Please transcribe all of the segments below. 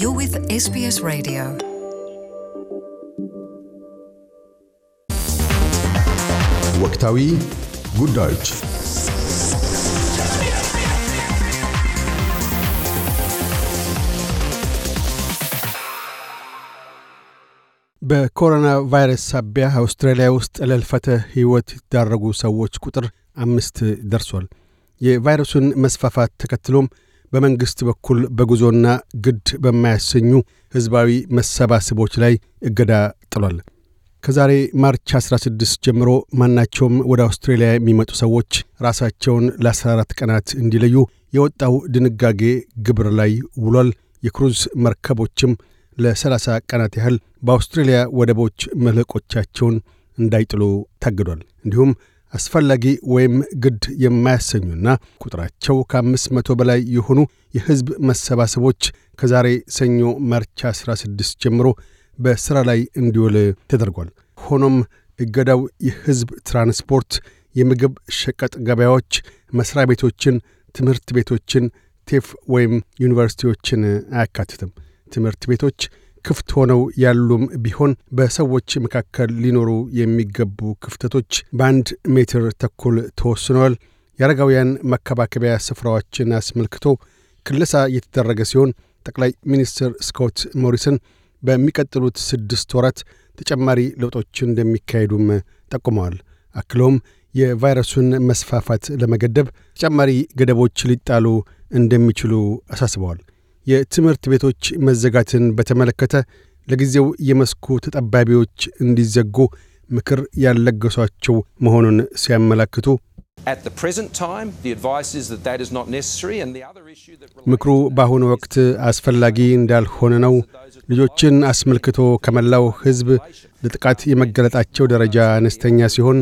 You're with SBS Radio. ወቅታዊ ጉዳዮች በኮሮና ቫይረስ ሳቢያ አውስትራሊያ ውስጥ ለልፈተ ሕይወት ይዳረጉ ሰዎች ቁጥር አምስት ደርሷል። የቫይረሱን መስፋፋት ተከትሎም በመንግሥት በኩል በጉዞና ግድ በማያሰኙ ሕዝባዊ መሰባሰቦች ላይ እገዳ ጥሏል። ከዛሬ ማርች 16 ጀምሮ ማናቸውም ወደ አውስትሬልያ የሚመጡ ሰዎች ራሳቸውን ለ14 ቀናት እንዲለዩ የወጣው ድንጋጌ ግብር ላይ ውሏል። የክሩዝ መርከቦችም ለ30 ቀናት ያህል በአውስትሬልያ ወደቦች መልሕቆቻቸውን እንዳይጥሉ ታግዷል። እንዲሁም አስፈላጊ ወይም ግድ የማያሰኙና ቁጥራቸው ከአምስት መቶ በላይ የሆኑ የሕዝብ መሰባሰቦች ከዛሬ ሰኞ ማርች 16 ጀምሮ በሥራ ላይ እንዲውል ተደርጓል። ሆኖም እገዳው የሕዝብ ትራንስፖርት፣ የምግብ ሸቀጥ ገበያዎች፣ መሥሪያ ቤቶችን፣ ትምህርት ቤቶችን፣ ቴፍ ወይም ዩኒቨርሲቲዎችን አያካትትም። ትምህርት ቤቶች ክፍት ሆነው ያሉም ቢሆን በሰዎች መካከል ሊኖሩ የሚገቡ ክፍተቶች በአንድ ሜትር ተኩል ተወስነዋል። የአረጋውያን መከባከቢያ ስፍራዎችን አስመልክቶ ክለሳ እየተደረገ ሲሆን ጠቅላይ ሚኒስትር ስኮት ሞሪሰን በሚቀጥሉት ስድስት ወራት ተጨማሪ ለውጦች እንደሚካሄዱም ጠቁመዋል። አክለውም የቫይረሱን መስፋፋት ለመገደብ ተጨማሪ ገደቦች ሊጣሉ እንደሚችሉ አሳስበዋል። የትምህርት ቤቶች መዘጋትን በተመለከተ ለጊዜው የመስኩ ተጠባቢዎች እንዲዘጉ ምክር ያልለገሷቸው መሆኑን ሲያመላክቱ ምክሩ በአሁኑ ወቅት አስፈላጊ እንዳልሆነ ነው። ልጆችን አስመልክቶ ከመላው ሕዝብ ለጥቃት የመገለጣቸው ደረጃ አነስተኛ ሲሆን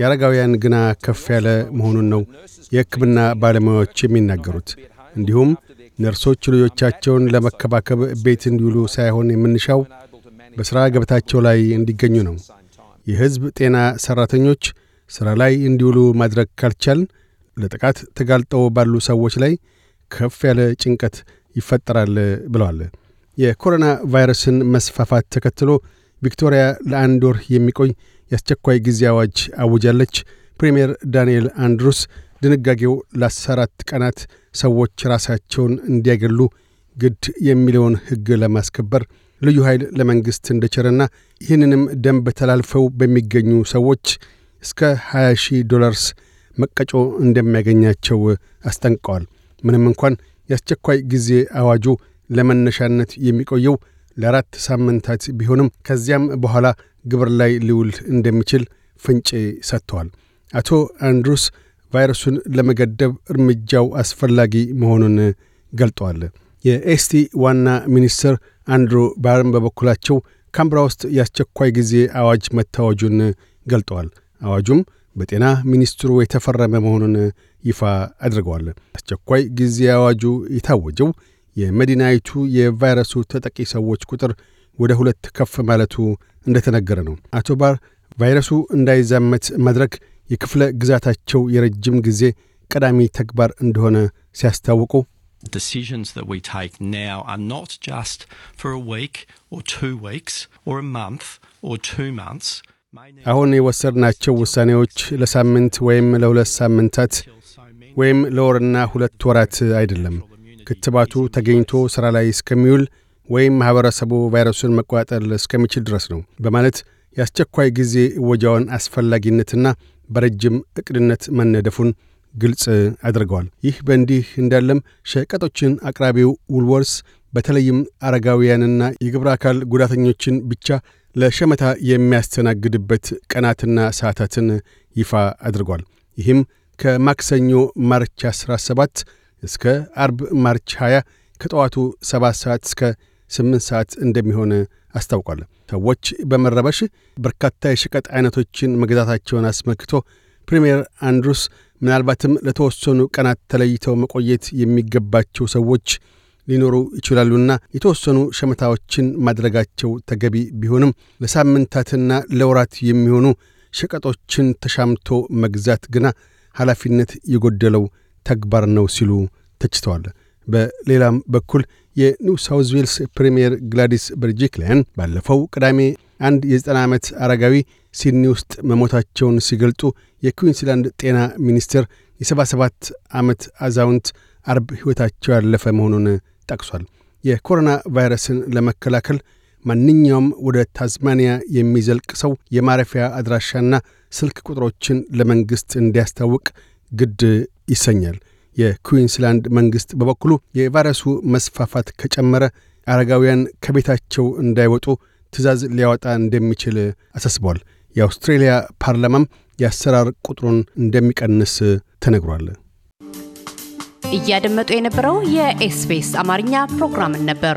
የአረጋውያን ግና ከፍ ያለ መሆኑን ነው የሕክምና ባለሙያዎች የሚናገሩት። እንዲሁም ነርሶች ልጆቻቸውን ለመከባከብ ቤት እንዲውሉ ሳይሆን የምንሻው በሥራ ገበታቸው ላይ እንዲገኙ ነው። የሕዝብ ጤና ሠራተኞች ሥራ ላይ እንዲውሉ ማድረግ ካልቻል ለጥቃት ተጋልጠው ባሉ ሰዎች ላይ ከፍ ያለ ጭንቀት ይፈጠራል ብለዋል። የኮሮና ቫይረስን መስፋፋት ተከትሎ ቪክቶሪያ ለአንድ ወር የሚቆይ የአስቸኳይ ጊዜ አዋጅ አውጃለች። ፕሪምየር ዳንኤል አንድሩስ ድንጋጌው ለአስራአራት ቀናት ሰዎች ራሳቸውን እንዲያገሉ ግድ የሚለውን ሕግ ለማስከበር ልዩ ኃይል ለመንግሥት እንደቸረና ይህንንም ደንብ ተላልፈው በሚገኙ ሰዎች እስከ 20 ሺህ ዶላርስ መቀጮ እንደሚያገኛቸው አስጠንቀዋል። ምንም እንኳን የአስቸኳይ ጊዜ አዋጁ ለመነሻነት የሚቆየው ለአራት ሳምንታት ቢሆንም ከዚያም በኋላ ግብር ላይ ሊውል እንደሚችል ፍንጭ ሰጥተዋል። አቶ አንድሩስ ቫይረሱን ለመገደብ እርምጃው አስፈላጊ መሆኑን ገልጠዋል። የኤስቲ ዋና ሚኒስትር አንድሩ ባርን በበኩላቸው ካምብራ ውስጥ የአስቸኳይ ጊዜ አዋጅ መታወጁን ገልጠዋል። አዋጁም በጤና ሚኒስትሩ የተፈረመ መሆኑን ይፋ አድርገዋል። አስቸኳይ ጊዜ አዋጁ የታወጀው የመዲናይቱ የቫይረሱ ተጠቂ ሰዎች ቁጥር ወደ ሁለት ከፍ ማለቱ እንደተነገረ ነው። አቶ ባር ቫይረሱ እንዳይዛመት ማድረግ የክፍለ ግዛታቸው የረጅም ጊዜ ቀዳሚ ተግባር እንደሆነ ሲያስታውቁ decisions that we take now are not just for a week or two weeks or a month or two months. አሁን የወሰድናቸው ውሳኔዎች ለሳምንት ወይም ለሁለት ሳምንታት ወይም ለወርና ሁለት ወራት አይደለም። ክትባቱ ተገኝቶ ሥራ ላይ እስከሚውል ወይም ማኅበረሰቡ ቫይረሱን መቆጣጠር እስከሚችል ድረስ ነው በማለት የአስቸኳይ ጊዜ እወጃውን አስፈላጊነትና በረጅም እቅድነት መነደፉን ግልጽ አድርገዋል። ይህ በእንዲህ እንዳለም ሸቀጦችን አቅራቢው ውልወርስ በተለይም አረጋውያንና የግብረ አካል ጉዳተኞችን ብቻ ለሸመታ የሚያስተናግድበት ቀናትና ሰዓታትን ይፋ አድርጓል። ይህም ከማክሰኞ ማርች 17 እስከ አርብ ማርች 20 ከጠዋቱ 7 ሰዓት እስከ ስምንት ሰዓት እንደሚሆን አስታውቋል። ሰዎች በመረበሽ በርካታ የሸቀጥ አይነቶችን መግዛታቸውን አስመልክቶ ፕሪምየር አንድሩስ ምናልባትም ለተወሰኑ ቀናት ተለይተው መቆየት የሚገባቸው ሰዎች ሊኖሩ ይችላሉና የተወሰኑ ሸመታዎችን ማድረጋቸው ተገቢ ቢሆንም ለሳምንታትና ለወራት የሚሆኑ ሸቀጦችን ተሻምቶ መግዛት ግና ኃላፊነት የጎደለው ተግባር ነው ሲሉ ተችተዋል። በሌላም በኩል የኒው ሳውዝ ዌልስ ፕሪምየር ግላዲስ በርጂክሊያን ባለፈው ቅዳሜ አንድ የ90 ዓመት አረጋዊ ሲድኒ ውስጥ መሞታቸውን ሲገልጡ የኩዊንስላንድ ጤና ሚኒስቴር የ77 ዓመት አዛውንት አርብ ሕይወታቸው ያለፈ መሆኑን ጠቅሷል። የኮሮና ቫይረስን ለመከላከል ማንኛውም ወደ ታዝማኒያ የሚዘልቅ ሰው የማረፊያ አድራሻና ስልክ ቁጥሮችን ለመንግሥት እንዲያስታውቅ ግድ ይሰኛል። የኩዊንስላንድ መንግሥት በበኩሉ የቫይረሱ መስፋፋት ከጨመረ አረጋውያን ከቤታቸው እንዳይወጡ ትዕዛዝ ሊያወጣ እንደሚችል አሳስቧል። የአውስትሬልያ ፓርላማም የአሰራር ቁጥሩን እንደሚቀንስ ተነግሯል። እያደመጡ የነበረው የኤስቢኤስ አማርኛ ፕሮግራምን ነበር።